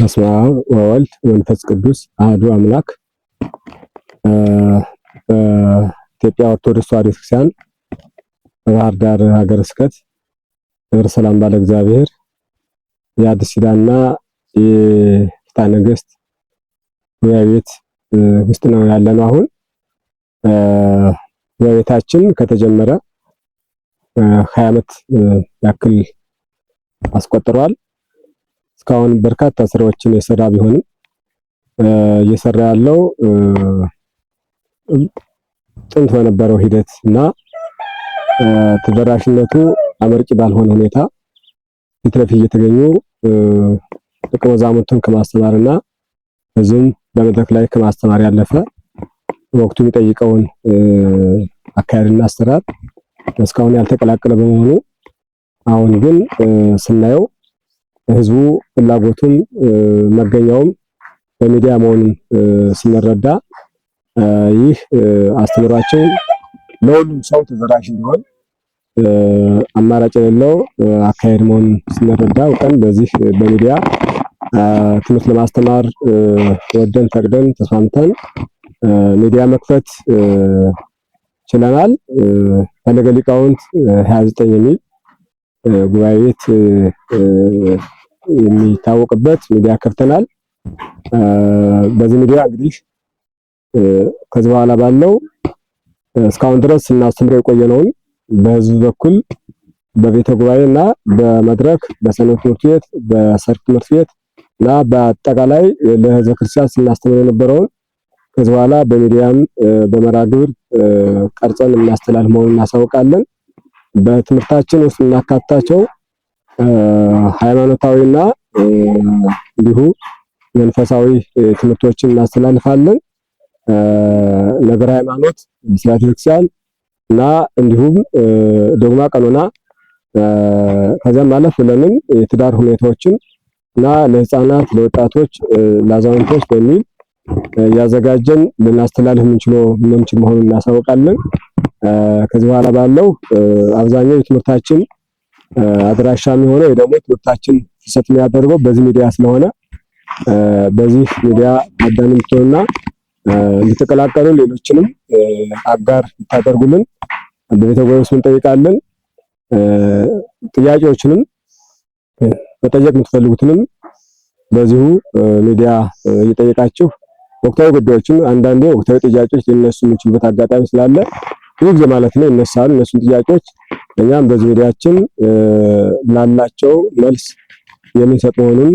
በስመ አብ ወወልድ ወመንፈስ ቅዱስ አህዱ አምላክ። በኢትዮጵያ ኦርቶዶክስ ተዋሕዶ ቤተክርስቲያን በባህር ዳር ሀገረ ስብከት ደብረ ሰላም ባለ እግዚአብሔር የአዲስ ኪዳንና የፍትሐ ነገሥት ጉባኤ ቤት ውስጥ ነው ያለነው። አሁን ጉባኤ ቤታችን ከተጀመረ ሀያ ዓመት ያክል አስቆጥሯል። እስካሁን በርካታ ስራዎችን የሰራ ቢሆንም እየሰራ ያለው ጥንት በነበረው ሂደት እና ተደራሽነቱ አመርቂ ባልሆነ ሁኔታ ፊት ለፊት እየተገኙ ደቀ መዛሙርቱን ከማስተማርና ብዙም በመድረክ ላይ ከማስተማር ያለፈ ወቅቱ የሚጠይቀውን አካሄድና አሰራር እስካሁን ያልተቀላቀለ በመሆኑ አሁን ግን ስናየው ህዝቡ ፍላጎቱም መገኛውም በሚዲያ መሆኑን ስንረዳ ይህ አስተምሯቸው ለሁሉም ሰው ተዘራሽ እንዲሆን አማራጭ የሌለው አካሄድ መሆኑን ስንረዳ እውቀን በዚህ በሚዲያ ትምህርት ለማስተማር ወደን ፈቅደን ተስማምተን ሚዲያ መክፈት ችለናል። ፈለገ ሊቃውንት 29 የሚል ጉባኤ ቤት የሚታወቅበት ሚዲያ ከፍተናል። በዚህ ሚዲያ እንግዲህ ከዚህ በኋላ ባለው እስካሁን ድረስ ስናስተምረው የቆየነውን በህዝብ በኩል በቤተ ጉባኤ እና በመድረክ በሰንበት ትምህርት ቤት በሰርክ ትምህርት ቤት እና በአጠቃላይ ለህዝበ ክርስቲያን ስናስተምር የነበረውን ከዚህ በኋላ በሚዲያም በመራግብር ቀርጸን እናስተላልፍ መሆኑን እናሳውቃለን። በትምህርታችን ውስጥ እናካታቸው ሃይማኖታዊና እንዲሁ መንፈሳዊ ትምህርቶችን እናስተላልፋለን። ነገር ሃይማኖት፣ ስርዓተ ቤተክርስቲያን እና እንዲሁም ዶግማ፣ ቀኖና ከዚያም ማለፍ ብለንም የትዳር ሁኔታዎችን እና ለህፃናት፣ ለወጣቶች፣ ለአዛውንቶች በሚል እያዘጋጀን ልናስተላልፍ የምንችለው ምንችል መሆኑን እናሳውቃለን። ከዚህ በኋላ ባለው አብዛኛው የትምህርታችን አድራሻ የሚሆነው የደግሞ ትምህርታችን ፍሰት የሚያደርገው በዚህ ሚዲያ ስለሆነ በዚህ ሚዲያ አዳሚ እንድትሆኑና እንድትቀላቀሉ ሌሎችንም አጋር ይታደርጉልን በቤተ ጉባኤ እንጠይቃለን። ጥያቄዎችንም መጠየቅ የምትፈልጉትንም በዚሁ ሚዲያ እየጠየቃችሁ ወቅታዊ ጉዳዮችን አንዳንዴ ወቅታዊ ጥያቄዎች ሊነሱ የሚችሉበት አጋጣሚ ስላለ ብዙ ጊዜ ማለት ነው ይነሳሉ። እነሱን ጥያቄዎች እኛም በዙሪያችን ላላቸው መልስ የምንሰጥ መሆኑን